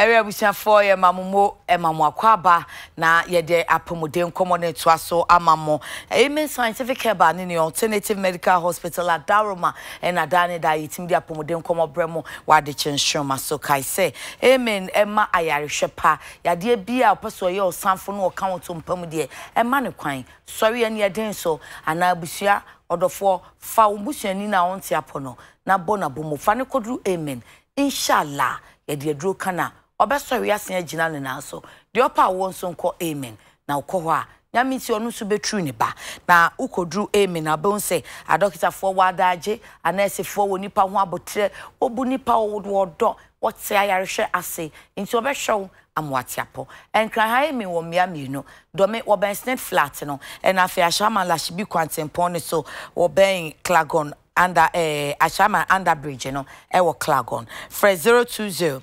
ɛwɛ abusuafoɔ yɛ mamomo ɛmamo aba na yɛde apɔmuden nkɔmɔ ne toa so ama mo amen scientific herbal ne ne alternative medical hospital adaroma ɛna daa ne daa yɛtumi de apɔmuden nkɔmɔ brɛ mo wɔadekye nsoroma so kae sɛ amen ɛma ayarehwɛ pa yadeɛ bi ɔpɛ so ɔyɛ ɔsanfo no ɔka wo to mpa mu deɛ ɛma ne kwan sɔre ɛne ɛden so anaa abusua ɔdɔfoɔ fa wo busuani no a wɔnte apɔ no na bɔ n'abɔ mu fa ne kɔduru amen inshallah yɛde aduro ka ɔbɛsɔre ase agyina ne nan so deɛ ɔpa awo nso nkɔ amen na ɔkɔ hɔ a nyame nti ɔno nso bɛturu ne ba na wokɔduru amen na bɛhu sɛ adɔkitafoɔ wɔadaagye anaasɛfoɔ wɔ nipa ho abɔtrɛ wɔbu nipa wɔdɔ wɔte ayarehwɛ ase nti ɔbɛhwɛ wo amoateapɔ nkranha amen wɔ mmea mmienu dɔme wɔbɛn snit flat no ɛna afei ahyɛama lahye bi kwantempɔn ne so wɔbɛn clagon under eh, ahyɛama under bridge no ɛwɔ e clagon frɛ 020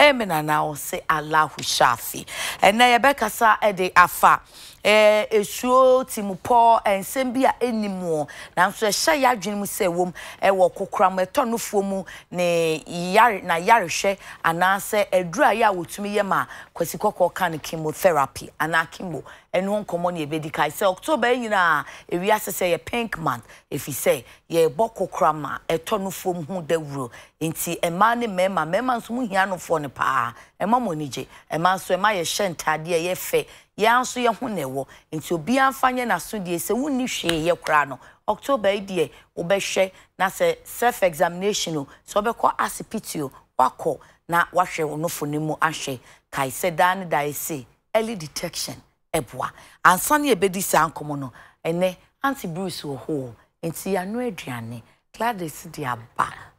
emina na ɔse alahu shafi ɛnna yɛbɛkasa ɛde afa ɛɛ e, esuo timupɔ nsɛm bi a ɛnim wɔ nanso ɛhyɛ e yadwene mu sɛ wɔm ɛwɔ e kokoram ɛtɔnufoɔ mu ne yare na yarehwɛ anaasɛ ɛdura yɛ a wɔtumi yɛ ma kwasi kɔkɔɔ ka no chemotherapy anaa chemo ɛno nkɔmɔ ne yɛbɛdi kae sɛ october nyinaa ewiase sɛ yɛ pink month efi sɛ yɛbɔ kokoram a ɛtɔnufoɔ mu ho dawuro nti mmaa ne mmarima mmarima nso mu hia nofoɔ ne paa ɛma mo anigye ɛma nso ɛma yɛhyɛ ntaadeɛ yɛfɛ yɛn nso yɛn ho na ɛwɔ nti obi obiara mfa nyɛ n'asodeɛ sɛ wunni hwee yɛ koraa no october yi deɛ wobɛhwɛ na sɛ self examination o sɛ wobɛkɔ asipiti o wakɔ na wahwɛ wɔn mfoni mu ahwɛ kae sɛ daa ne daa ese early detection ɛboa ansa ne yɛbɛdi saa nkɔmɔ no ɛnɛ anti bruce wɔ hɔ nti ano aduane gladys de aba.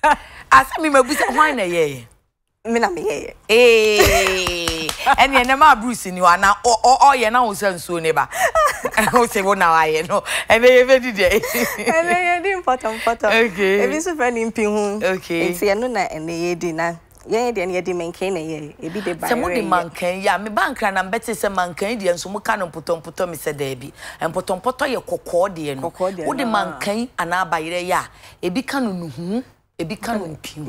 asɛm mi ma bu sɛ hwan na yɛyɛ me na me yɛyɛ ee ɛnɛ maa bruce ni wa na ɔyɛ na wo sɛ nsuo ne ba wo sɛ wo na wayɛ no ɛnɛ yɛ bɛ di deɛ ɛnɛ yɛ di mpɔtɔmpɔtɔ ebi nso fɛ ne mpi ho nti ɛno na ɛnɛ yɛ di na yɛn deɛ no yɛde mankan na yɛyɛ ebi de bayerɛ yɛ sɛ mode mankan yi a me bankra na mbɛte sɛ mankan deɛ nso moka no mpotɔmpotɔ me sɛ daabi mpotɔmpotɔ yɛ kɔkɔɔ deɛ no wode mankan anaa bayerɛ yɛ a ebi ka no nuhu ebi ka no mpihu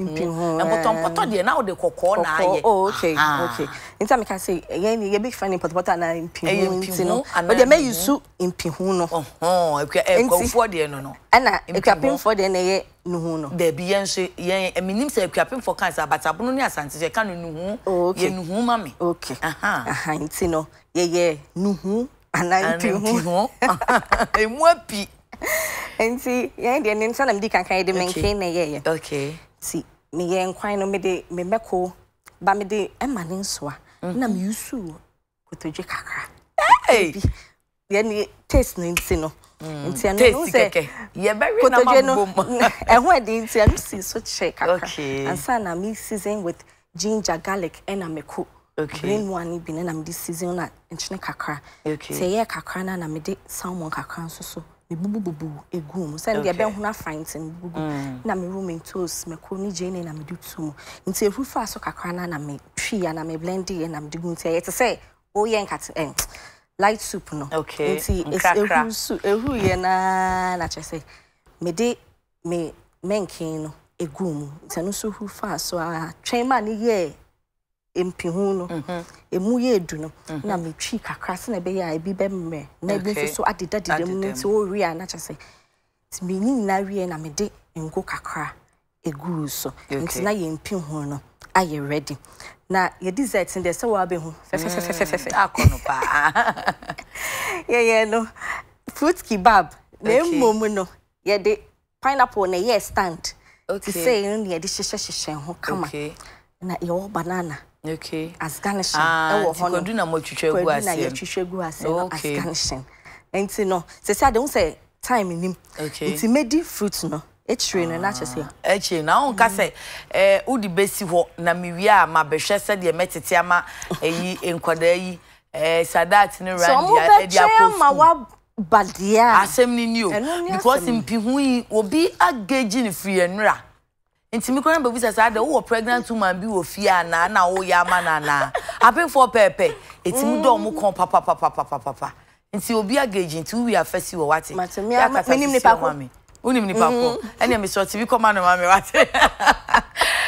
eh. mpɔtɔmpɔtɔ deɛ na wɔde kɔkɔɔ na ayɛ oh okay ah. okay nta mi ka se yɛn ni yɛbi fa ni pɔtɔpɔtɔ ana mpihu nti no ɔde mɛ yi su mpihu no ekwafuɔ eh, deɛ no no ɛna ekwapemfoɔ deɛ na ɛyɛ nuhu no dɛbi yɛn nso yɛn eminim eh, sɛ ekwapemfoɔ kan sɛ abatabono ne asante sɛ ɛka no nuhu oh, yɛ nuhu ma mi okay aha nti no yɛyɛ nuhu ana mpihu emu api nti yɛn deɛ ne nsa na medi kankan yɛ de menke na ɛyɛyɛ nti meyɛ nkwan no mede memɛko ba mede ma ne nsoa mhm. na meyusu kotodwe kakra yɛne taste no nti no mm. nti ɛno no sɛ kotodwe no ɛho ɛde nti ɛno si so kyerɛ kakra ansa na me with ginger garlic ɛna meko green one bi na na mede season na nkyene kakra nti na na mede salmon kakra nso so mebubububu egu mu sɛnde ɛbɛhono afainte mebubu mm. na me roommate toast mɛkoro ne gyeene na mede to mu nti ɛhu fa so kakra no na metwiiɛ na meblendeyɛ na mede gu nti ɛyɛ te sɛ woyɛ nkate light soup no nti mm, ehu yɛ naa na kyerɛ sɛ de me menken no egu mu nti ɛno nso hu faa so a twɛn ma ne yɛɛ mpi ho no mhm. emu yɛ edu no mhm. na metwi kakra sɛ na ɛbɛyɛ a ebi bɛmmerɛ na ebi nso so adeda deda mu nti wɔwie a na kyɛ sɛ tìmí nyinaa wie na mede ngo kakra egu so nti na yɛ mpi ho no ayɛ ready na yɛ dessert deɛ sɛ wɔabɛ ho fɛfɛfɛfɛfɛ mm, akɔ no paa yɛyɛ no fruit kebab na emom no yɛde pineapple na yɛ stand ti sɛ yɛn no yɛde hyehyɛ hyehyɛ ho kama na yɛwɔ banana. okay askanishing ɛwɔ hɔ na mo twitwa gu asɛm kwadu na yɛ no askanishing nti no sisi adi okay nti medi no ekyire no n'akyɛ sɛ na ahun ka sɛ na miwia a ma bɛhwɛ sɛdeɛ mɛtete ama eyi nkwadaa sadat ne randi ɛdi akɔ sukuu badeɛ a asɛm ni ni o because mpi hu yi obi nti mi kora na bebisa saa de wowɔ pregnant woman bi wɔ fie anaa na woyɛ ama no anaa apemfoɔ pɛɛpɛ ɛtimi dɔ mo mm. kɔn papapapapapapa nti obi agage nti wowie afasi wɔ wate yɛakatamenim nipa ko wonim mm-hmm. nipa ko ɛne mesɛ tv kɔma no ma me wate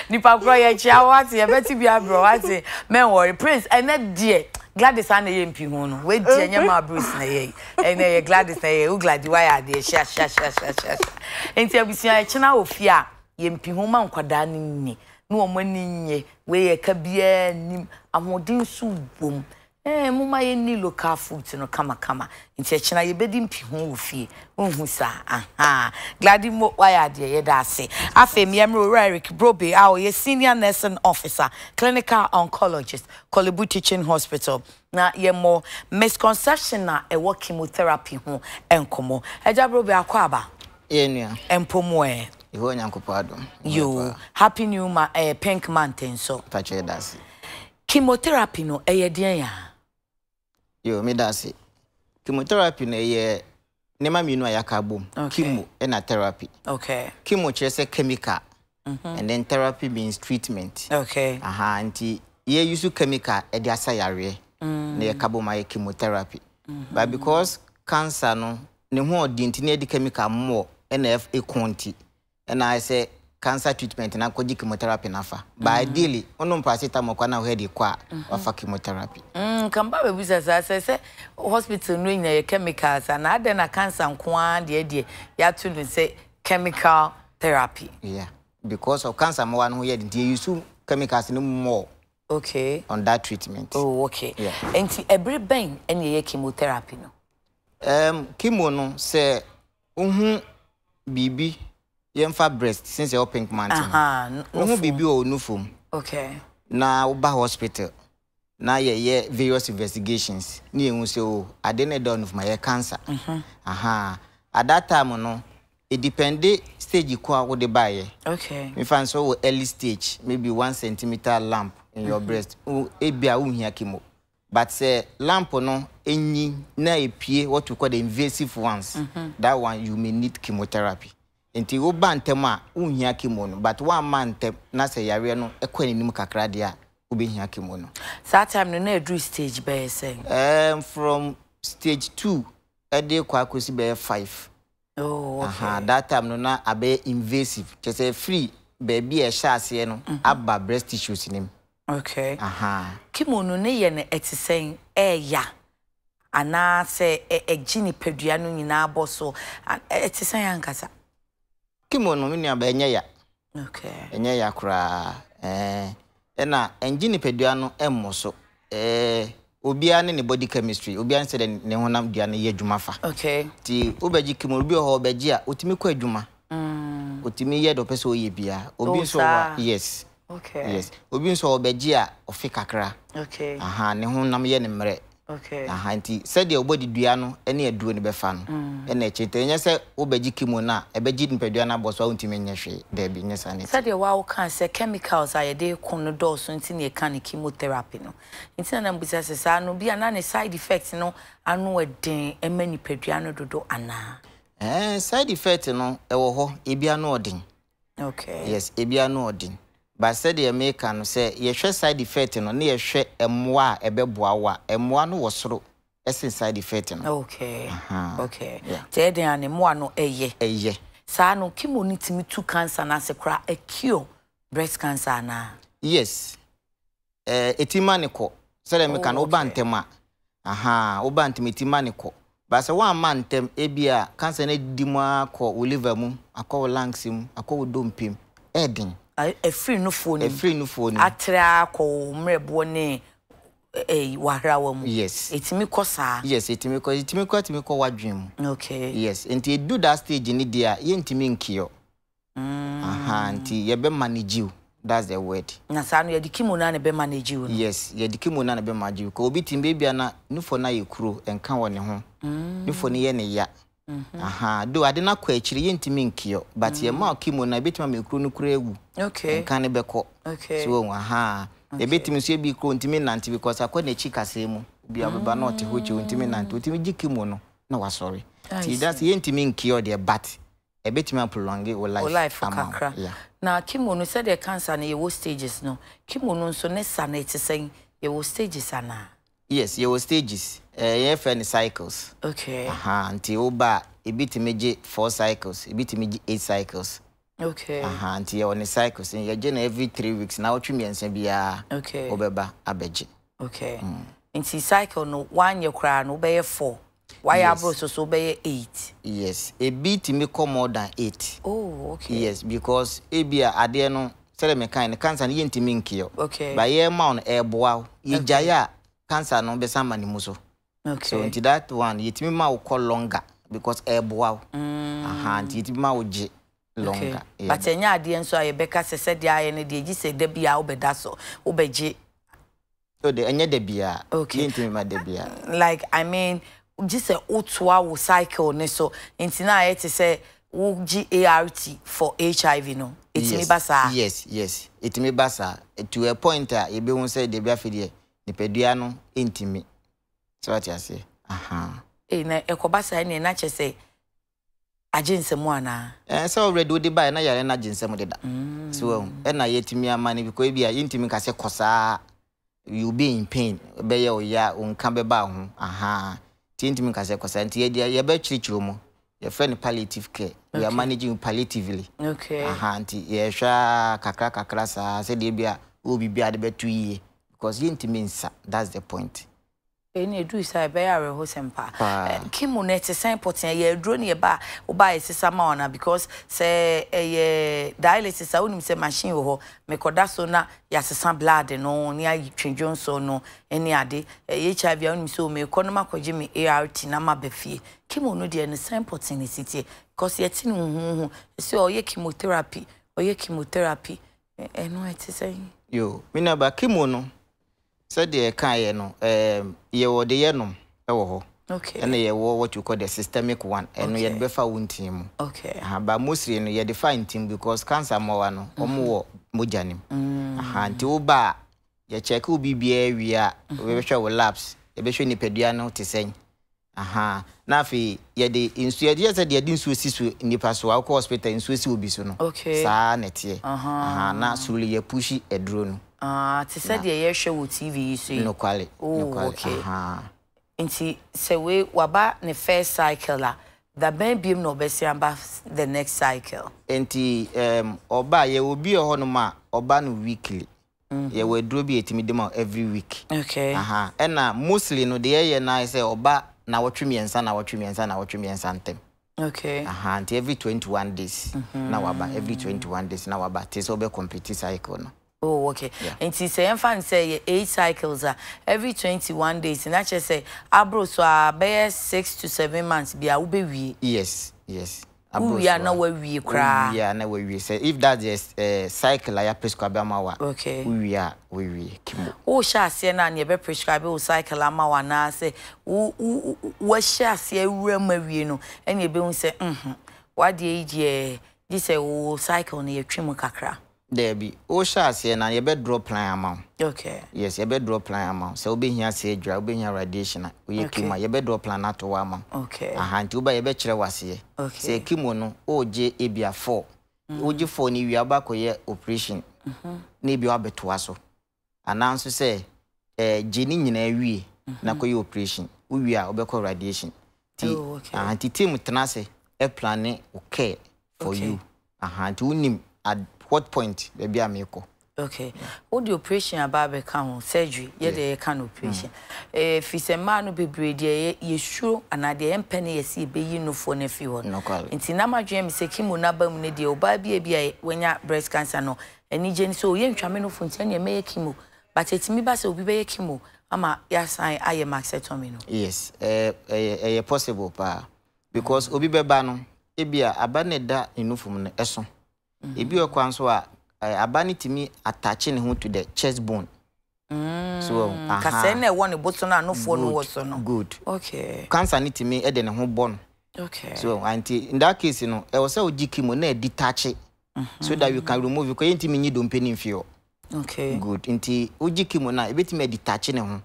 nipa korɔ yɛkyia wate yɛbɛte bi abrɛ wate mɛnwɔre prince ɛnɛ deɛ gladys a na ɛyɛ mpi ho no wadi ɛnyɛ ma bruce na ɛyɛ ɛnɛ ɛyɛ gladys na ɛyɛ wo gladi wayɛ adeɛ hyiahyiahyiahyiahyiahyia nti abusua ɛkyena wɔ fie a yɛmpi ho ma nkwadaa no nye na wɔn ani nye wei yɛ ka biara anim ahoɔden nso wɔ mu ɛɛ moma yɛni local food no kamakama nkyɛkyena yɛbɛdi mpi ho wɔ fie nhu saa aha gladi mo wayɛ adeɛ yɛda ase afei mmiɛmmerɛ owura eric brobe a ɔyɛ senior nursing officer clinical oncologist kɔlebu teaching hospital na yɛmmɔ misconception a ɛwɔ chemotherapy ho nkɔmmɔ agya brobe akɔ aba yɛnua mpomu ɛɛ ɛhɔ nyankopɔn adom yo happy new ma eh, pink mountain so pakyɛ da chemotherapy no ɛyɛ deɛn ya yo meda ase chemotherapy no ɛyɛ nneɛma mmienu a yɛaka bom okay. chemo ɛna therapy okay. chemo kyerɛ sɛ chemical mm -hmm. and then therapy means treatment okay. aha nti yɛyusu chemical ɛde asa yareɛ mm. na yɛka bom ayɛ chemotherapy mm -hmm. but because cancer no ne ho ɔdi nti na yɛde chemical mmɔ ɛna ɛko nti ɛna sɛ cancer treatment na kɔgye chemotherapy nafa baadili wono paracetamol na wohɛde kɔ a wafa chemotherapy mm, kamba bɛbusa saa sɛ sɛ hospital no nyina yɛ chemicals a adɛn na cancer nko ara deɛ deɛ yɛato no sɛ chemical therapy yeah because of cancer ma wa no ho yɛ nti yɛyusu chemicals no more okay on that treatment oh okay yeah. nti ɛbere bɛn ɛne yɛyɛ chemotherapy no um, chemo no sɛ wohu biribi yɛmfa breast since ɛwɔ pink mountain wo ho biribi wɔ ɔnu fam na woba hospital na yɛyɛ various investigations ne yɛhu sɛ o oh, ade no ɛda ɔnufoma yɛ cancer mhm. aha at that time no ɛdepende stage ko a wode baeɛ mefa nso wɔ early stage maybe one centimeter lamp in your mm -hmm. breast ebia wohia kemo but sɛ lamp no ɛnyi na ɛpie what we call the invasive ones mhm. that one you may need chemotherapy nti woba ntɛm a wohia kemo no but woamma ntɛm na sɛ yareɛ no ɛkɔ n'anim kakra deɛ a wobɛhia kemo no saa time no na ɛduru stage bɛyɛ sɛn um, from stage two ɛde kɔ akɔsi bɛyɛ five oh, okay. uh -huh. that time no na abɛyɛ invasive kyɛ sɛ free baabi a ɛhyɛ aseɛ no mm aba breast tissues nim okay. uh -huh. kemo no ne yɛ no ɛte sɛn ɛɛya anaasɛ ɛgye nipadua no nyinaa bɔ so ɛte sɛn ankasa kimu no me nuaba ɛnyɛ ya ɛnyɛ ya koraa ɛna ɛngye nipadua no mmɔ so obiara ne ne body chemistry obiara sɛ dɛ ne honam dua no yɛ adwuma fa nti wobɛgye kimu obi wɔ hɔ wobɛgye a ɔtumi kɔ adwuma ɔtumi mm. yɛ dɛ ɔpɛ sɛ ɔyɛ biara obi nso wɔ yes yes obi nso wɔ ɔbɛgye a ɔfe kakra aha ne honam yɛ ne mmerɛ aha nti sɛdeɛ wobɛdi dua no ne aduo no bɛfa no mm. ɛna akyi tɛ ɛnyɛ sɛ wobɛgye ki mu no a ɛbɛgye nipadua no abɔ so a wontumi nyɛ hwee daabi nyɛ saa ne sɛdeɛ woa woka sɛ chemicals a yɛde kom no dɔɔso nti ne ɛka ne chemotherapy no nti na nambusa sɛ saa no bia na ne side effect no ano ɛden ma nipadua no dodo anaa eh, side effect no ɛwɔ hɔ ebia no ɔden okay. yes ebia no ɔden ba sɛdeɛ meka no sɛ yɛhwɛ side effect no na yɛhwɛ mmoa a ɛbɛboa wo a no wɔ soro ɛsen side effect no okay okay yeah. tɛɛ den a no ɛyɛ ɛyɛ saa no kemo no tumi tu cancer no ase koraa ɛkio breast cancer anaa yes ɛɛ uh, ɛtima ne kɔ sɛdeɛ meka oh, no woba ntɛm a aha woba ntɛm ɛtima ne kɔ ba sɛ woamma ntɛm ebi a cancer no adi mu akɔ wo liver mu akɔ wo lungs mu akɔ wo dompem ɛɛden efiri nufuo nim efiri nufuo nim atere akɔ mmerɛboɔ ne ɛyi e, e, wahrawa mu yes etimi kɔ saa yes etimi kɔ etimi kɔ etimi kɔ wadwin mu okay yes nti edu that stage ni deɛ yɛntimi nkiyo mm. nti yɛbɛ manage o that's the word. na saa no yɛde kimo na ne bɛ manage o no. yes yɛde kimo na ne bɛ manage o ka obi tim beebi na nufo na yɛ kuro nka wɔ ne ho nufo mm. ne yɛ ne ya. Mm-hmm. aha do ade na kɔ akyiri yɛntumi nkeɛ but yɛma ɔke mu no ɛbɛtumi ama ɛkuro no kuro awu nka ne bɛkɔ so wɔhu aha yɛbɛtumi nso ɛbi kuro ntumi nante because akɔ n'akyi kaseɛ mu obi abeba na ɔte hɔ kyɛ ɔntumi nante ɔtumi gye ke mu no na wasɔre nti that's yɛntumi nkeɛ ɔdeɛ but ɛbɛtumi aprolonge wo life, life ama kakra na kimo no sɛdeɛ cancer no yɛwɔ stages no kimo no nso ne sa no ɛte sɛn yɛwɔ stages ana. yes yɛwɔ stages Eh, yɛfɛ no cycles okay. aha nti woba a ebi tumi gye four cycles ebi tumi gye eight cycles okay. aha nti yɛwɔ ne cycles yɛgye na every three weeks na wotwe mmiɛnsa biara okay. wobɛba abɛgye okay. mm. nti cycle no woanyɛ koraa no wobɛyɛ four wayɛ yes. aboro so so wobɛyɛ eight yes ebi tumi kɔ more than eight oh, okay. yes because ebi a adeɛ no sɛdeɛ mekan no cancer no yɛntumi nkeɛ okay. ba yɛma wo no ɛɛboa wo yɛgyaeɛ a cancer no bɛsa ma ne mu so okay. so nti that one yɛtumi ma wo kɔ longer because ɛɛboa wo mm. aha nti yɛtumi ma wo gye longer but ɛnyɛ adeɛ nso a yɛbɛka sɛ sɛdeɛ ayɛ no deɛ gyi sɛ da bia wobɛda so wobɛgye so de ɛnyɛ da bia ma da bia like i mean gyi sɛ wotoa wo cycle ne so nti na ayɛ te sɛ wogye art for hiv no ɛtumi ba saa yes yes ɛtumi ba saa to a point a yɛbɛhu sɛ deɛ bi afei nipadua no ɛntumi sɛ wate aseɛ na ɛkɔba saa ne na kyɛ sɛ agye nsɛm anaa sɛ ɔwerɛde wode baɛ na yare no agye nsɛm deda mm. so wahu ɛna yɛtumi ama no bikɔ bi a yɛntumi ka sɛ kɔ you be in pain bɛyɛ ɔyɛ a ɔnka ba ho aha nti yɛntumi ka sɛ kɔ saa nti yɛde yɛbɛkyerɛkyerɛ mu yɛfrɛ no palliative care okay. we are managing palliatively okay. aha nti yɛhwɛ kakra kakra saa sɛdeɛ bi a wɔbiribiade bɛto yie because yɛntumi nsa that's the point ɛne ɛduru sa ɛbɛyɛ awerɛhosɛm paa eh, kimu no ɛte sɛn pɔten ɛyɛ aduro ne yɛba a woba ɛsesa ma ona because sɛ ɛyɛ dialysis a wonim sɛ machine wɔ hɔ mekɔda so na yɛasesa blood no ne atwedwo nso no ne ade eh, hiv a wonim sɛ mekɔ no makɔgye me art na maba fie kimu no deɛ no sɛn pɔten ne sitie because yɛte no huhuhu ɛsɛ e ɔyɛ chemotherapy ɔyɛ chemotherapy ɛno ɛte sɛn yo menaba kimu no sɛdeɛ ɛkaeɛ no yɛwɔ de yɛ nom wɔ hɔ ɛna yɛwɔ what you call the systemic one ɛno yɛde bɛfa wo ntin mu but mostly no yɛde fa ntin because cancer mmoa no mhm. ɔmowɔ mogya no mu mm. nti woba a yɛkyɛke wo biribiaa wie a mhm. wobɛhwɛ wo labs yɛbɛhwɛ nipadua no te sɛn aha na afei yɛde nsuo yɛde yɛ sɛ deɛ yɛde nsuo si so nipa so a wokɔ hospital nsuo si obi so no saa na ɛteɛ na soro yɛpushi aduro no Ah, te sɛ deɛ yɛhwɛ wɔ TV yi so yi. Nokwale. Oh, okay. Nti sɛ wei waba ne first cycle a, da bɛn biem na ɔbɛsi aba the next cycle. Nti um, ɔba yɛ obi wɔ hɔnom a ɔba no weekly. Mm -hmm. yɛwɔ aduro bi yɛtumi de ma every week. Okay. Aha. Ɛna mostly no deɛ yɛ nan sɛ ɔba na wɔtwe mmiɛnsa na wɔtwe mmiɛnsa na wɔtwe mmiɛnsa ntɛm. Okay. Aha. Nti every twenty one days. Mm -hmm. Na waba every twenty one days na waba te sɛ ɔbɛ complete cycle no. Oh, okay. And she eh, say, "Enfan say eight cycles are ah. every twenty-one days." And I just say, "Abro so ah, bear six to seven months be a ube we." Yes, yes. Abro ah, we are not where we cry. We are not where we say. If that is a eh, cycle, I prescribe mawa. Okay. We are where we kimo. Oh, share say na ni be prescribe o oh, cycle amawa na say. Oh, oh, oh, share say we are we no. And you be un say, "Hmm, what the age? This eh, a oh, cycle ni a trim kakra." o wohyɛ aseɛ na yɛbɛdrɔ plan ama wo yes yɛbɛdrɔ plan ama wo sɛ wobɛhia sɛ adwura wobɛhia radiation a woyɛ kimo a yɛbɛdrɔ plan no ato wo ama wo aha nti woba yɛbɛkyerɛ waseɛ sɛ kimo no wogye O 4 mm. wogye ni wi aba a wobakɔyɛ operation mm-hmm. na ebia wabɛtoa so anaa nso sɛ eh, gye ne nyinaa wie na mm-hmm. kɔyɛ operation wowie a wobɛkɔ radiation nti oh, tim tena ase plane wo care for you aha nti wonim what point baabi a meekɔ okay What the operation abaa bɛka ho surgery Yeah. yɛka can operation if eh, ɛfiri sɛ mmaa no bebree deɛ yɛsuro anaa deɛ yɛmpɛ no yɛsi yɛbɛyi nofoɔ no afiri hɔ no nti na madwene me sɛ kimo no aba mu no deɛ ɔbaa bi a bi a wanya breast cancer no ani gye no sɛ ɔyɛ ntwame nofo nti ɛneɛ mɛyɛ kimo but ɛtumi ba sɛ obi a kimo ama yɛasan ayɛ maxectomy no yes ɛyɛ possible pa? because obi bɛba no ebia aba ne da ne nofom Mm-hmm. ebi wɔ kwan so a aba ne tumi ataakye ne ho to the chest bone. Mm. so kasɛɛ na ɛwɔ ne boso no anofoɔ no wɔ so no good okay cancer ne tumi ɛde ne ho bɔ no Okay. So anti in that case no, e was say oji kimo na detach mm mm-hmm. so that you can remove because enti me nyido mpeni mfio. Okay. Good. Nti oji kimo na ebeti me detach ne ho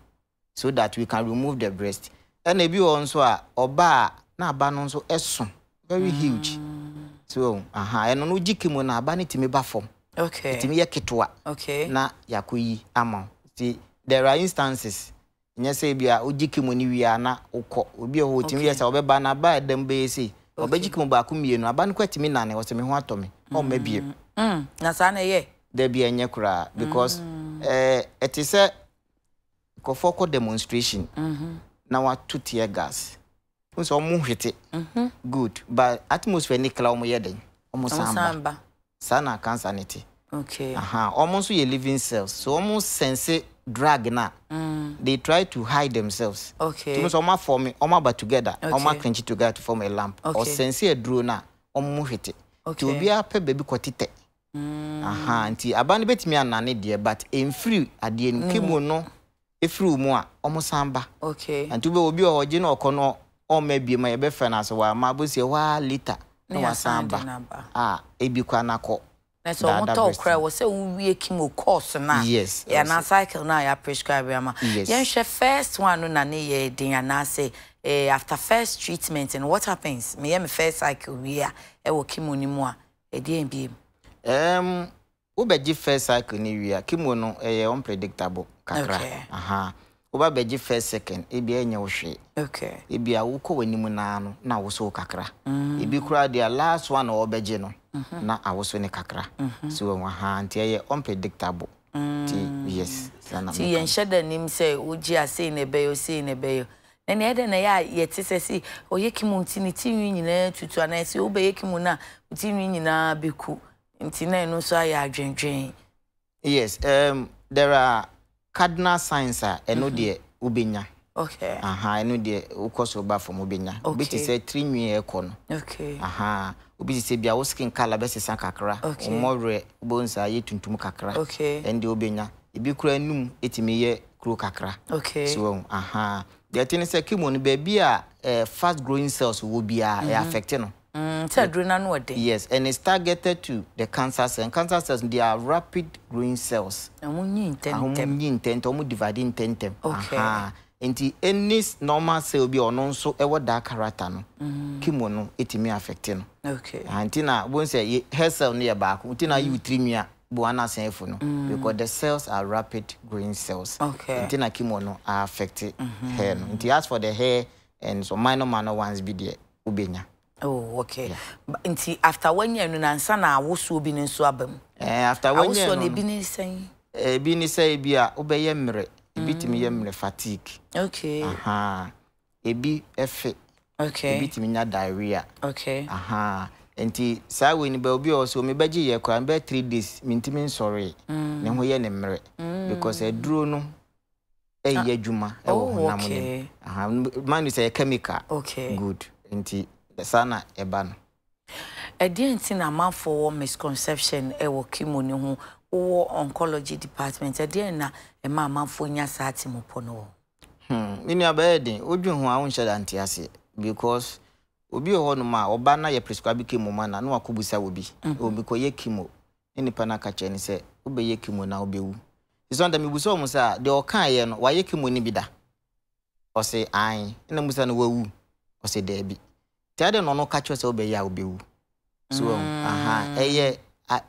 so that we can remove the breast. And ebi won so a oba na aba no so eso very huge. Mm so aha ɛno no wogyi ke mu no aba no tumi ba fam ɛtumi yɛ ketewa na yɛakɔ yi ama nti there are instances nyɛ sɛ bia wogyi ke mu no wie na wokɔ obi ɛhɔ ɔtumi yɛ sɛ wɔbɛba na aba ɛdɛm bɛyɛ sei ɔbɛgyi ke mu baako mmienu aba no kɔ atumi nane wɔ sɛ me ho atɔ me ɔmma mm. biem mm. na saa na ɛyɛ da bia ɛnyɛ koraa because mm. eh, ɛte sɛ nkɔfoɔ kɔ demonstration mm-hmm. na wato tear gas n sɛ ɔmo hwete mhm. good but atmosphere ni kra ɔmo yɛ dɛn ɔmo san ba saa na cancer ne te ɔmo nso yɛ living cells so ɔmo sense drug na mm. they try to hide themselves okay tumi sɛ ɔmo afɔ mi ɔmo aba together ɔmo okay. akɛnkye together to form a lamp okay. ɔsense aduro na ɔmo hwete okay. nti obiara pɛ baabi kɔ tetɛ mm. nti aba no bɛtumi anane deɛ but ɛmfiri adeɛ no mm. kemu no ɛfiri wo mu a ɔmo san ba nti wobɛ obi ɔgye na ɔkɔ no ɔma bie ma yɛbɛfɛ no ase wɔama bosie hɔa lita na wasan ba a ebi kwa nakɔ sɛɔmotɔ kora wɔ sɛ wowie kimo course no a yɛanaa cycle no a yɛaprescribe ama yɛnhwɛ first one no na ne yɛ den anaasɛ eh, after first treatment and what happens meyɛ me first cycle wie a ɛwɔ kimo no mu a ɛdeɛn biemu wobɛgye first cycle no wie a kimo no ɛyɛ unpredictable kakra woba bɛgye first second ebi ɛnyɛ ohwee. hwee okay ebi a wokɔ w'anim naa no na wo kakra mm. ebi koraa deɛ last one a wɔbɛgye no mm-hmm. na awo so ne kakra mm-hmm. so wɔn wɔ ha nti ɛyɛ unpredictable ti mm. yes ti yɛn hyɛ da nim sɛ wogye a sei na ɛbɛyɛ sei na ɛbɛyɛ na na yɛ a yɛte sɛ si ɔyɛ kimu nti ne ti nwi nyinaa tutu anaa sɛ kimu na ne ti nwi nyinaa bɛku nti na nso ayɛ adwendwen yes um, there are cardinal science a ɛno mhm. deɛ wobɛnya aha ɛno deɛ wokɔ so ba fam wobɛnya obi te sɛ tiri nwii ɛkɔ no aha obi te sɛ bia wo skin color bɛsesa kakra ɔmmɔwerɛ wobɛhu saa yɛ tuntum kakra ɛno deɛ wobɛnya ebi kura anum ɛtumi yɛ kuro kakra so aha deɛ ɛte ne sɛ kemo no baabi a eh, fast growing cells wɔ biara ɛyɛ mhm. affecte no Mm, the, yes, and it's targeted to the cancer cells. And cancer cells, they are rapid growing cells. intent. divide intent. Okay. Aha. Nti any normal cell bi ɔno nso ɛwɔ daa karata no. Mm. Kimono no etimi affect no. Okay. Nti na wɔn sɛ hair cell no yɛ baako. Nti na yi mm. wutiri buana bu anase efu no. Mm. Because the cells are rapid growing cells. Okay. Nti na kimu no affect mm-hmm. hair no. Nti as for the hair and so minor minor ones bi deɛ obenya. Oh, okay. Yeah. Nti after one year no nansa na awosuo bi ne nso aba eh, after one year. Awosuo ne bi ne sɛn. Eh bi ne sɛ bi a wobɛyɛ mmerɛ. Ebi timi yɛ mmerɛ fatigue. Okay. Aha. Ebi ɛfe. Okay. Ebi timi nya diarrhea. Okay. Aha. Nti saa wei ni bɛ obi a ɔsɛ omi bɛgye yɛ koraa bɛ three days mintimi nsɔre. Mm. Ne ho yɛ ne mmerɛ. Mm. Because ɛduro no ɛyɛ ah. Oh ɛwɔ honam ne. Aha. Manu sɛ yɛ chemical. Okay. Good. Nti. sana na no ɛdeɛ nti na amanfoɔ wɔ misconception ɛwɔ e kimo ne ho wowɔ oncology department ɛdeɛ na ɛma e amanfoɔ nya saa te mu pɔ no wɔ me den wodwen ho a wonhyɛ da nte aseɛ na yɛ prescribe kimo ma na na wakɔbusa wɔ bi obi mhm. kɔyɛ kimo ne nipa no aka kyerɛ ne sɛ wobɛyɛ kimo na wobɛwu sisɔn dɛ mebusa wɔ mu sɛ na musa no wawu ɔse daabi nti dị na ɔno ka kyerɛ ya wobɛyɛ a wobɛwu so mm. aha ɛyɛ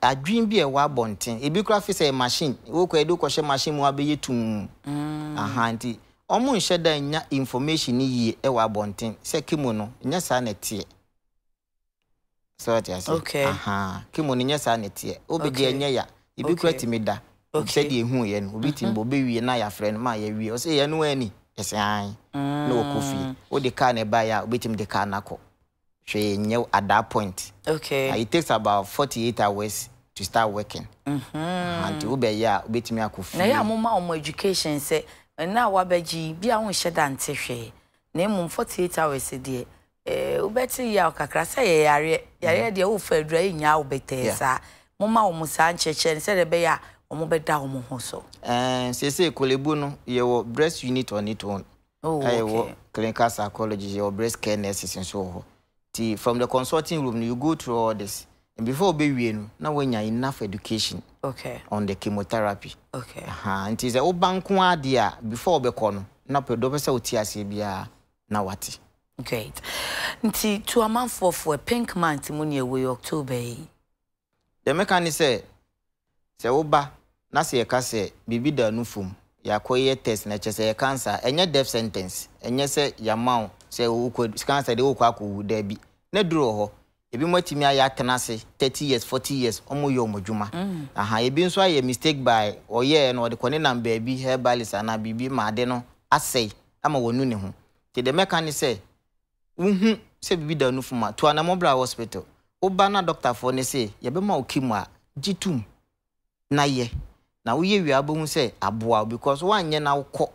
adwene bi a ɛwɔ abɔnten ebi koraa fi sɛ machine wokɔ yɛde wokɔhyɛ machine mu abɛyɛ tum mm. aha nti ɔmo nhyɛ da nya information no yie ɛwɔ abɔnten sɛ kemu no nya saa na okay aha nya saa na ya ebi da no obi mm-hmm. na ma no ani an na mm. a de na hwee nyɛ at that point. okay. Uh, it takes about forty eight hours to start working. Mm-hmm. nti wobɛyɛ a wobɛtumi akɔ fie. na yɛ a mo ma ɔmo education sɛ ɛna a wabɛgye bi a wɔn nhyɛ da nte hwee na emu forty eight hours deɛ ɛɛ eh, wobɛti yɛ a kakra sɛ yɛ yareɛ yareɛ mm. deɛ wofa adura yɛ nyaa wobɛtɛɛ saa mo ma ɔmo saa nkyɛkyɛ no sɛdeɛ ɛbɛyɛ a ɔmo bɛda ɔmo ho so. ɛɛ eh, sese kolebu no yɛwɔ breast unit on it own. oh okay ɛyɛwɔ clinical psychology yɛwɔ breast care nurses nso wɔ hɔ nti from the consulting room you go through all this and before obewie no na wanya enough education okay on the chemotherapy okay aha nti sɛ woba nko adeɛ a before wobɛkɔ no na pɛ dɔpɛ sɛ wote aseɛ biara na wate great nti to for uh, pink month mu ne ɛwɔ yɛ october yi deɛ mɛka ne sɛ sɛ woba na sɛ yɛka sɛ biribi da no fom yɛakɔyɛ test na kyɛ sɛ yɛ cancer ɛnyɛ death sentence ɛnyɛ sɛ yɛma wo sɛ cancer de wokɔ akɔwu daa bi ne duro hɔ ebi mo atumi ayɛ atena ase thirty years forty years ɔmo yɛ ɔmo dwuma mm. aha ebi nso ayɛ mistake by ɔyɛɛ no ɔde kɔ nam baabi herbalist anaa biribi ma ade no asɛe ama wɔnu ne ho te deɛ mɛka ne sɛ wohu sɛ biribi da fuma to anammɔbra hospital woba na ne sɛ yɛbɛma wo a gye na yɛ na woyɛ sɛ aboa because woanyɛ na wokɔ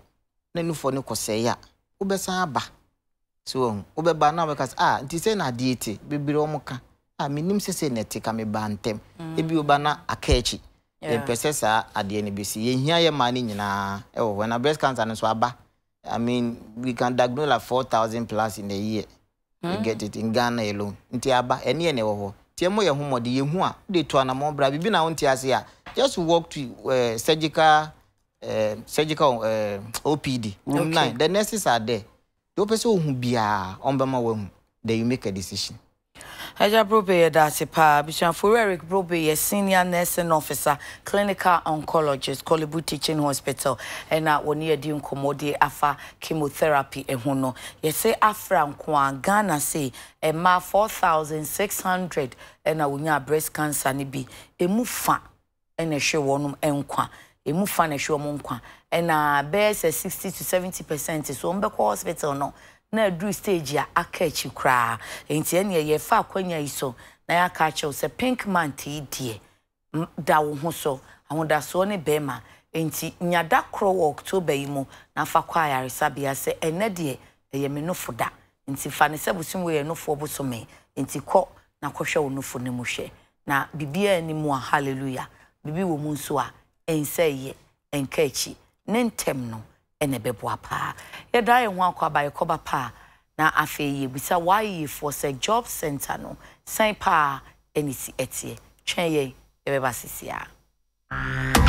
so wɔn wobɛba na wɔbɛka sɛ ah nti sɛ na adeɛ te bebree wɔn ka ah menim sese na ɛte ka me mm. ba ntɛm ebi wɔba na aka akyi yɛmpɛ sɛ saa adeɛ no bɛsi yɛhia yɛ maa no nyinaa ɛwɔ hɔ na breast cancer no nso aba i mean we can diagnose like four thousand plus in a year mm. you hmm. get it in ghana alone nti aba ɛne yɛ na ɛwɔ hɔ tiɛ mo yɛ ho mɔde yɛ hu a de to anamɔ bra bibi na wonte ase a just walk to uh, surgical uh, surgical uh, eh, opd room okay. the nurses are there deɛ wopɛ sɛ wohu biara ɔmbɛma woahu then you make a decision Eja Brobe yɛ daase paa bisuafoɔ Eric Brobe yɛ senior nursing officer clinical oncologist Kolibu teaching hospital ɛna wɔne yɛdi nkɔmmɔ de afa chemotherapy ɛho no yɛsɛ afra nkoa Ghana se ɛmaa four thousand six hundred ɛna wɔnya breast cancer no bi emu fa ɛna ɛhwɛ wɔn nkwa emu fa na ɛhwɛ wɔn nkwa ɛna bɛyɛ sɛ sixty to seventy percent so wɔn bɛkɔ hospital no na aduru stage a aka akyi koraa nti ɛnna yɛfa akɔnya yi so na yɛaka akyɛw sɛ pink man tee deɛ da wo ho so ahodasoɔ ne bɛrima nti nyada korɔ wɔ october yi mu na afa kɔ ayaresabea sɛ ɛnɛ deɛ ɛyɛ e me nofo da nti fa ne sɛ bosom wɔ yɛ nofoɔ bosome nti kɔ na kɔhwɛ wo nofo no mu hwɛ na biribiara ni mu a halleluya biribi wɔ mu nso a ɛnsɛ yɛ ɛnka akyi ne ntɛm no ɛna ɛbɛboa paa yɛda yɛn ho akɔ aba yɛkɔba paa na afei yɛbisa wayɛfoɔ sɛ job center no sɛn paa ɛne si ɛteɛ twɛn yɛn yɛbɛba sisia.